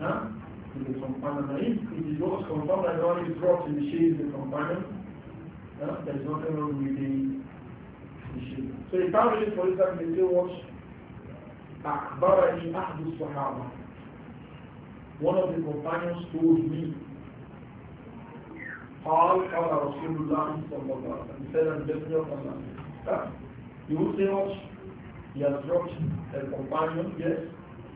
huh? to the companion. Now, if it is not confirmed that God is brought in the shade of the companion, huh? there is nothing wrong with the, the shade. So the family, for example, they say what? أخبرني أحد الصحابة One of the companions told me قال قال رسول الله صلى الله عليه وسلم said I'm definitely of Allah You will say what? He has dropped a companion, yes.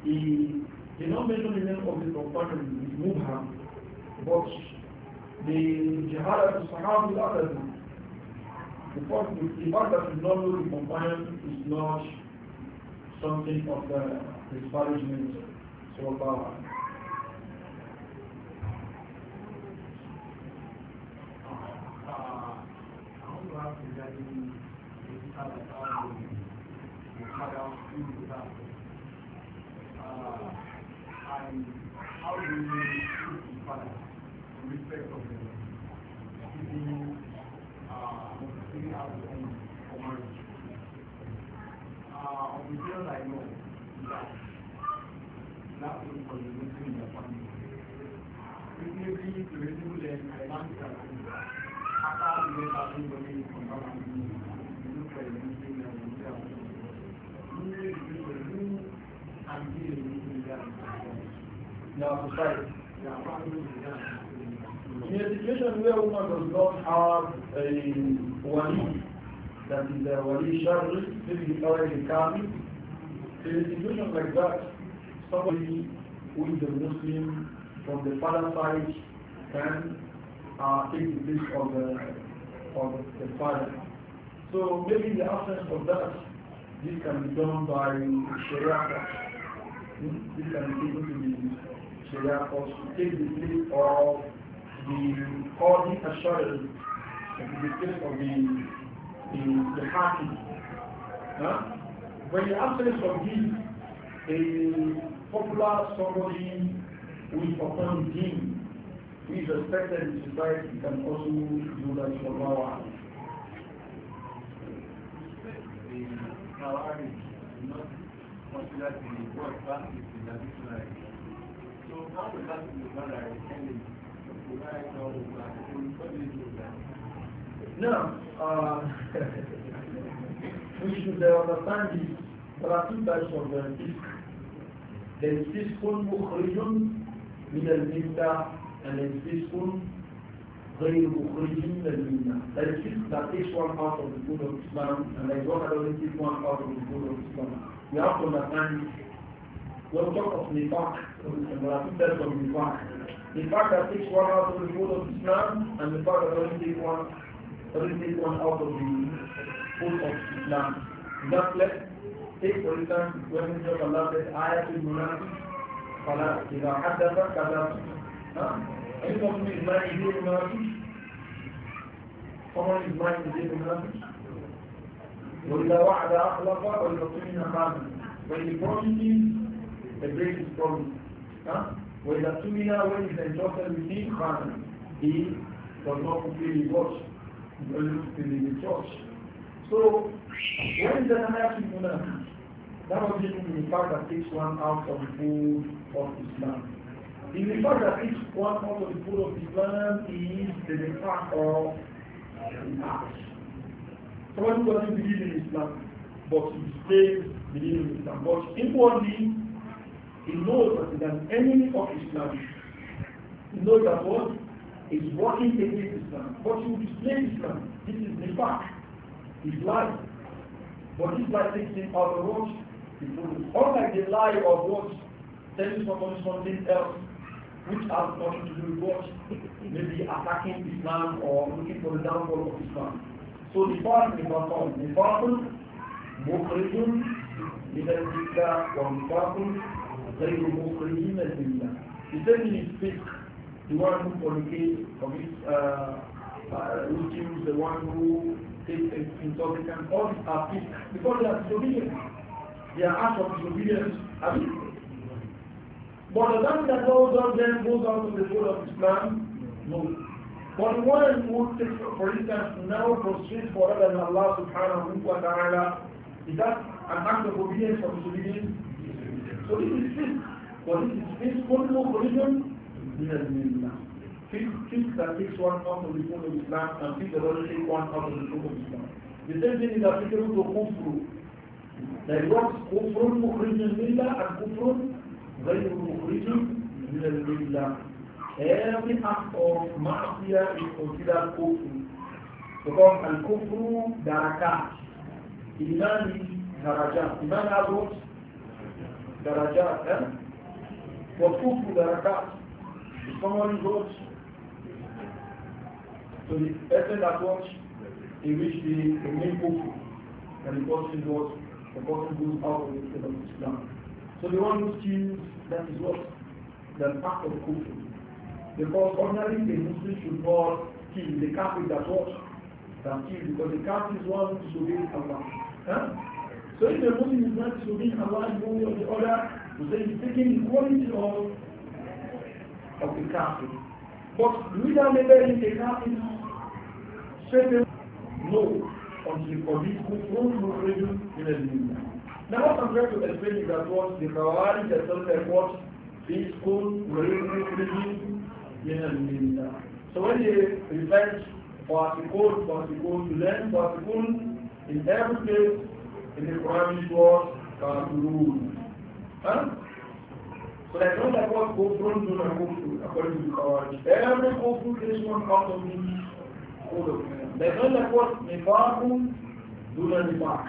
He he not mention the name of the companion, it's Mubham, but the jihad to the Sahab is other the fact, that he not know the companion is not something of the disparagement. So about Uh, uh and how do you put the balance in respect of the giving uh, giving out the for marriage? Uh, on the girls I know, does not have a wali, that is a wali shari, maybe he's already coming, in a situation like that, somebody who is a Muslim from the father side can uh, take the place of the, of the father. So maybe in the absence of that, this can be done by Sharia hmm? This can be taken to the Sharia court to take the place of the Qadi that the case of the, the, the Hakim. Huh? When the absence of this, a popular somebody who is upon him, who is respected in society, can also do that for Now, on. mean, not considered that word the dictionary. that be now, uh, we should uh, understand this. There are two types of the uh, disc. There is fisk region, Middle الملة and there is fisk غير region, من الملة. There is fisk that takes one part of the food of Islam and there is one that only takes one part of the food of Islam. We have to understand this. We'll talk of nifaq. There are two types of nifaq. The fact that each one out of the food of Islam and the fact that only take one, only take one out of the food of Islam. that left. Take for instance when the of Allah says ayatul munafiq فلا إذا حدث كذب عندهم من إجماع يدير المنافق طبعا إجماع يدير المنافق وإذا وعد أخلف والمطمئن خان When promises, the break is وإذا سمنا when he's entrusted with his family, he does not fulfill his watch, he doesn't fulfill church. So, when the Anaki Munafi, that was even the fact that takes one out of the food of Islam. In the fact that takes one out of the food of Islam is the fact of the act. Someone who doesn't believe in Islam, but he stays believing in Islam, but inwardly he knows that he is an enemy of Islam. He knows that what is working against Islam. what is he will Islam. This is the fact. His life. But this life takes him out of what? Unlike the lie of what? Telling someone something else which has nothing to do with what? Maybe attacking Islam or looking for the downfall of Islam. So the part is not called is. Mukhriyun, Bidal Jikla, or Nifakun, غير مخرجين لله The second is fisk, the one who fornicates, commits uh, uh, routines, the one who takes intoxicants, all these are fisk because they are disobedient. They are acts of disobedience. I mean, but the one that goes on then goes on to the fold of Islam, no. But one who takes, for instance, now prostrates for other than Allah subhanahu wa ta'ala, is that an act of obedience or disobedience? So this is fisk. For this is fisk, no provision, Fisk that takes one out of the food of Islam and fisk the other not one out of the food of Islam. The same thing is applicable to kufru. There is what kufrun mukhrijun lillah and kufrun غير مخرجun من الملة. Every act of mafia is considered kufru. Because al-kufru darakat. Iman is darajat. Iman has what? درجات and وكفر دركات if someone goes to the extent at what in which the, the main kufr and the person goes the person goes out of the state of Islam so the one who steals that is what the part of kufr because ordinarily the Muslim should not kill the kafir that what that kill because the kafir is one who disobeys Allah huh? So if the money is not to be Allah one or the other, we say he's taking the quality of, the kafir. But do we now label him a kafir? Straight no, until he commits kufrun mukhriju min al-millah. Now what I'm trying to explain is that what the Khawarij has told them what peaceful mukhriju min al-millah. So when they recite the Fasikun to the Fasikun in every place in the Quran it was Kafirun. Huh? So That's not like what Kufrun do not Kufrun, according to the Quran. Every Kufrun is one out of the code of That's not like what Nifakun do not Nifak.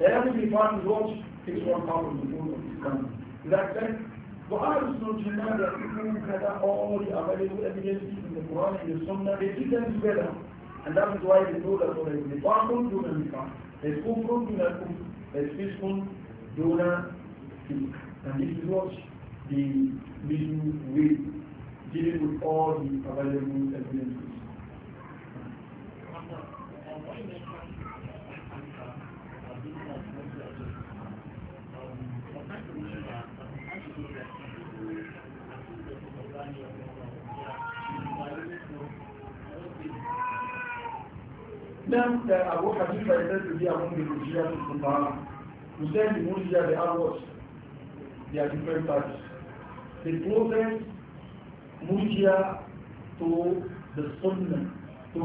Every Nifak is what is one out of the code of Islam. Is that correct? For us to deny that people who gather all the available evidences in the Quran and the Sunnah, they did them together. And that is why they know that there is Nifakun do not Nifak. There is Kufrun do not Kufrun. There's peaceful donor And this is what the middle will dealing with all the available evidences. Thank you. Now, uh, Abu Hanifa is said to be among the Murjiya to the Murjiya, they what? They are different types. The to the Sunnah, to the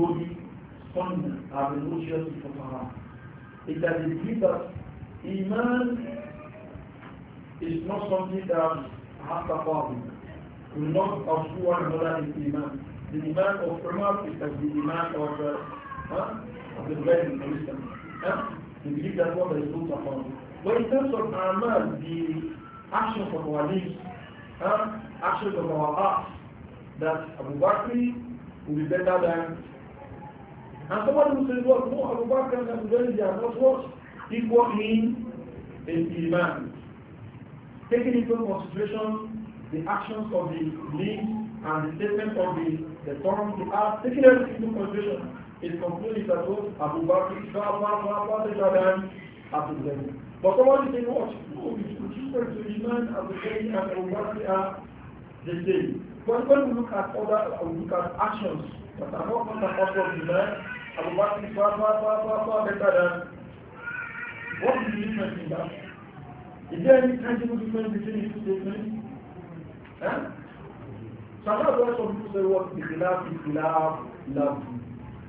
Sunnah, are the Murjiya to Fuqaha. It has believe that Iman is not something that has to follow. We not of one another in Iman. The Iman of Umar is the Iman of uh, of the blessing, for instance. Huh? We believe that what is good upon. But in terms of our man, the actions of our lips, huh, actions of our hearts, that Abu Bakr will be better than. And someone who says, well, no, Abu Bakr and Abu Bakr, they are not what? Equal in, in Iman. Taking into consideration the actions of the lips and the statement of the, the tongue, the heart, taking everything into consideration. It completely that Abu Bakr, far, far, far, far better than Abu Zayn. But somebody said, what? No, it's different to Iman, Abu Zayn, and Abu Bakr are the same. But when we look at other, we look at actions that are not part and parcel of Iman, Abu Bakr is far, far, far, far, far better than. What is the difference in that? Is there any tangible difference between these statements? Huh? Sometimes some people say what the khilaf is khilaf, love.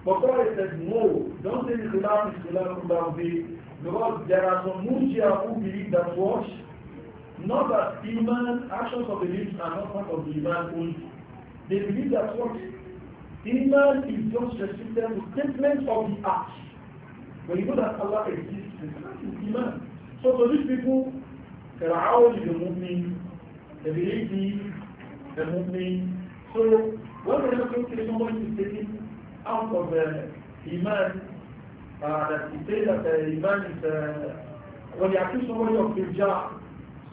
But God says, no, don't say Islam is Islam without be because there are some Mujia who believe that what? Not that Iman, actions of belief lips are not part of the Iman only. They believe that what? Iman is just restricted to statements of the act. When you know that Allah exists, that is Iman. So to these people, Fir'aun is a mu'min, the belief is a mu'min. So when we're looking at somebody who is taking out of the Iman, uh, that he say that the Iman is, uh, when they accuse somebody of Irja,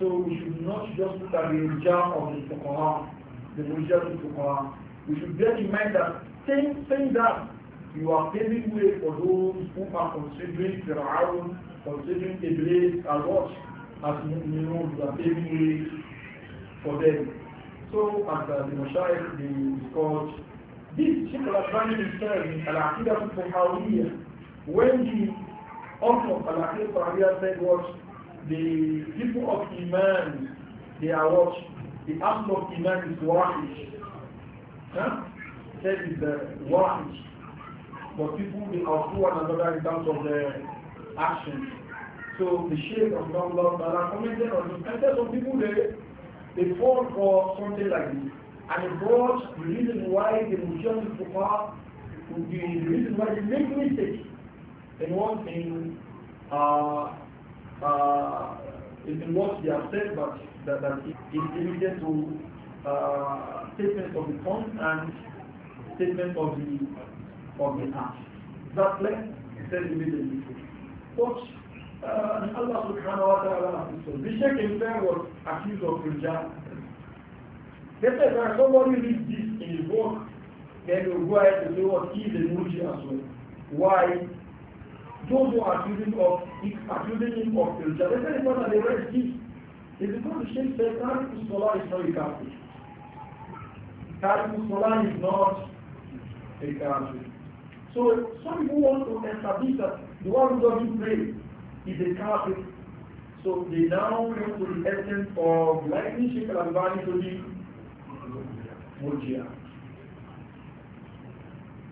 so we should not just look at the Irja of the Fuqaha, the Mujah of the Fuqaha. We should bear in mind that saying, saying that you are paving way for those who are considering Fir'aun, considering Iblis, and what? As Mu'minun, you are paving way for them. So, as uh, the Moshaikh, the discussed This Sheikh Al-Albani himself in Al-Aqidah al when the author of Al-Aqidah al said what the people of Iman, they are what? The act of Iman is wahid. Huh? That is the uh, But people are outdo one another in terms of their actions. So the shape of Allah commented on this. And some people, they, they fall for something like this. And of course, the reason why the Muslim Fuqah would be the reason why they make mistakes in one thing, uh, uh, in what they have said, but that, that is limited to uh, statements of the tongue and statement of the of the heart. That length is said immediately. But uh, Allah subhanahu wa ta'ala, the Sheikh himself was accused of rejecting they said that somebody reads this in his book, then you go ahead and say what he a Murji as well. Why? Those who are accusing of accusing him of Ilja, they said it's that they read this. It's because the Sheikh said Tariq Salah is not a country." Tariq Salah is not a country. So some people want to establish that the one who doesn't pray is a country. So they now come to the essence of liking Sheikh Al-Albani to be Murjia.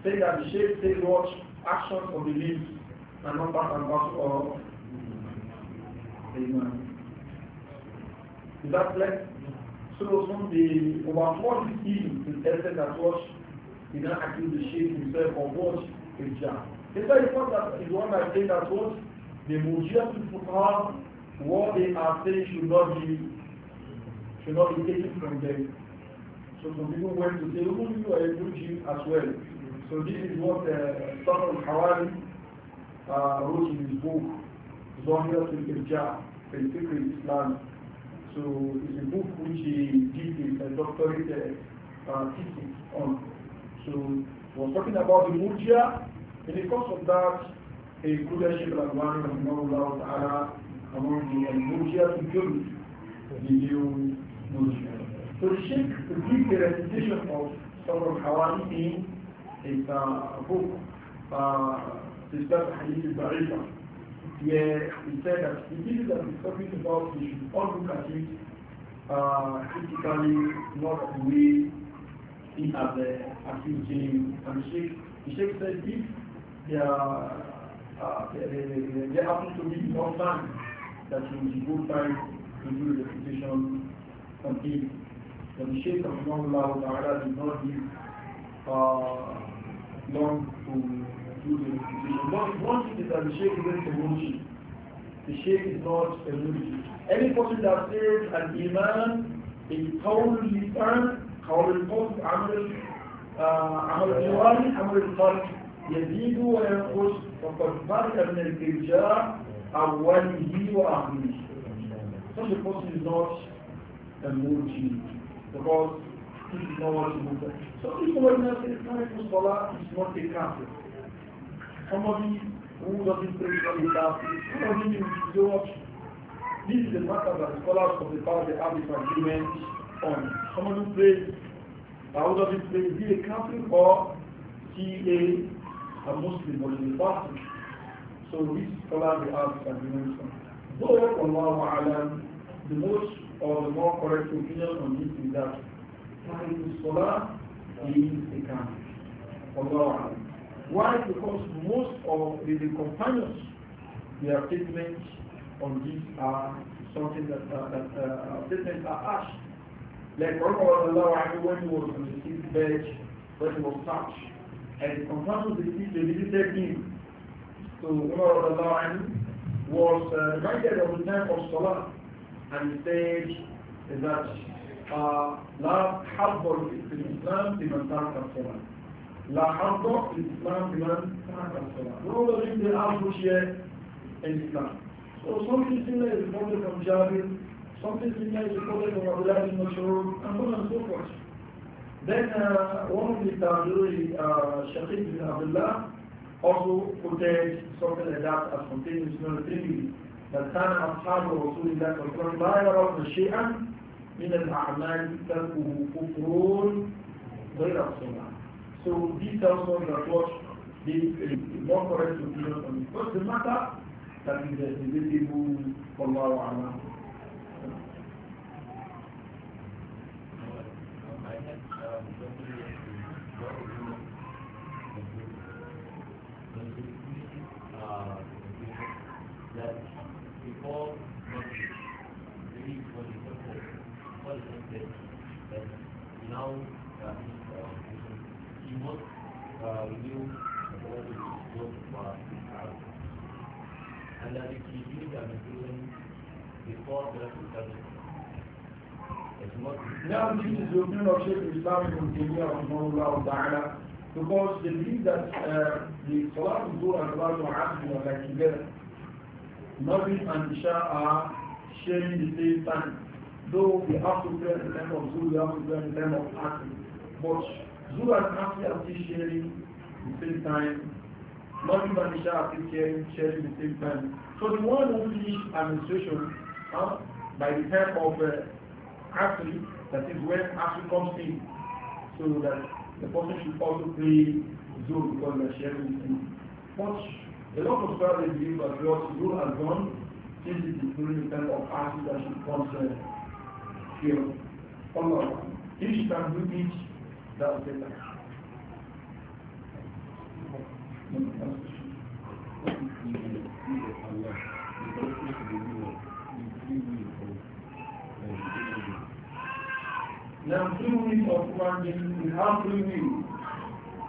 Say that the Sheikh say what action or belief and not part and parcel or amen. Is that clear? So from the overflow is evil is tested that what he now accused the Sheikh himself of what is Jah. Later he found that is one that said that what the Murjia people what they are saying should not be should not be taken from them. So some people went to say, oh, you are a good Jew as well. So this is what uh, Saffron Hawari uh, wrote in his book, Zahira Tulkirja, in Fikri Islam. So it's a book which he did his doctorate uh, uh thesis on. So was talking about the Murjia. In the course of that, a he included Sheikh Al-Albani, Rahimahullah Ta'ala, among the Murjia to kill the new Murjia. So the Sheikh give the recitation of Sabr al-Hawali in his uh, book, Sistat uh, Hadith al-Ba'ifa, where he said that the people that we're talking about, we should all look at it uh, critically, not the way it as a accusing. Uh, and the Sheikh, the Sheikh said if they are uh, they, they, they happen to be more time that you be good time to do the recitation on the Shaykh of Allah Ta'ala did not give uh, long to do the recitation. But one thing is that the Shaykh isn't a Mujib. The Shaykh is not a Mujib. Any person that says an Iman, a Qawl Lisan, Qawl Al-Qawd, Amal عمل الجواري عمل القلب يزيد وينقص فقد فرق من الارجاع اوله واخره. Such a person is not a murji because he did not want to move them. So if somebody now says Islamic scholar is not a Catholic, somebody who doesn't pray for the Catholic, somebody who is not this is a matter that scholars of the past they have an agreement on. Someone who plays, uh, who doesn't play, is he a Catholic or he a, a Muslim or is a Catholic? So these scholars they have an agreement on. Though, Allah Alam, the most or the more correct opinion on this is that Tahrimu Salah is a kafir. Allah Why? Because most of the, companions, their statements on this are something that, uh, that uh, statements are harsh. Like Umar when he was on the sixth bed, when he was touched, and the companions they visited him. So Umar was uh, reminded of the time of Salah and he said that لا حظ في الإسلام لمن ترك الصلاة لا حظ في الإسلام لمن ترك الصلاة نظر إلى أرض شيء الإسلام So something similar is reported from Jabir, something similar is reported from Abdullah ibn and so on and so forth. Then uh, one of the Tabi'i, uh, Shaqiq bin Abdullah, also quoted something like that as contained in بل كان أصحاب رسول الله صلى الله عليه وسلم لا يرون شيئا من الأعمال تركه كفر غير الصلاة So these are some that what the more correct opinion on it. What's the matter? That is the visible Allah Allah. And this is the opinion of Sheikh Islam Ibn Taymiyyah ta'ala because they believe that uh, the Salat al-Zuhr and Salat al-Asr are like together. Maghrib and Isha are sharing the same time. Though we have to pray the time of Zuhr, we have to pray the time of Asr. But Zuhr and Asr are still sharing the same time. Maghrib and Isha are still sharing, sharing the same time. So the one who finishes administration huh, by the time of uh, Asr that is where action comes in. So that the person should also pray Zuhr because they are sharing in. But a lot of people believe that what rule has done since it is during the time of action that should concern uh, here. Allah. If she can do it, that will be better. Thank you. Now three wheels of we have three wheels.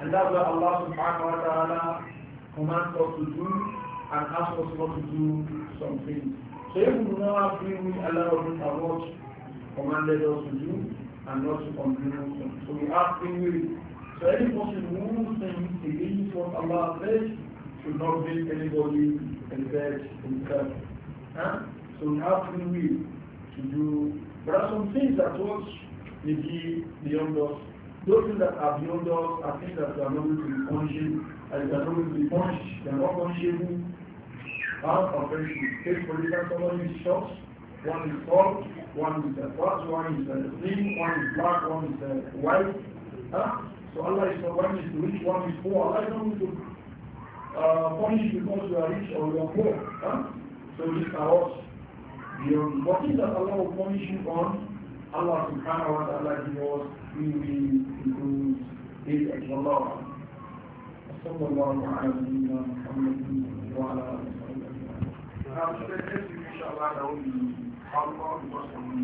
And that's what Allah subhanahu wa ta'ala commands us to do and asks us not to do some things. So if we do not have three wheels, Allah will not what commanded us to do and not to complain them. So we have three wheels. So any person who thinks against what Allah says should not make anybody invest himself. Huh? So we have free will to do. There are some things that what may be beyond us. Those things that are beyond us are things that are not going to be punished. and they are not going to be punished. They are not punishable out of friendship. Take for instance, somebody is shot, one is tall, one is uh, fat, one is uh, slim, one is black, one is uh, white. Huh? So Allah is not one is rich, one is poor. Allah is not going to uh, punish because you are rich or you are poor. Huh? So these are us. What is that Allah will punish you on Allah subhanahu wa ta'ala give us really good days at Allah. صلى الله على نبينا محمد وعلى اله وصحبه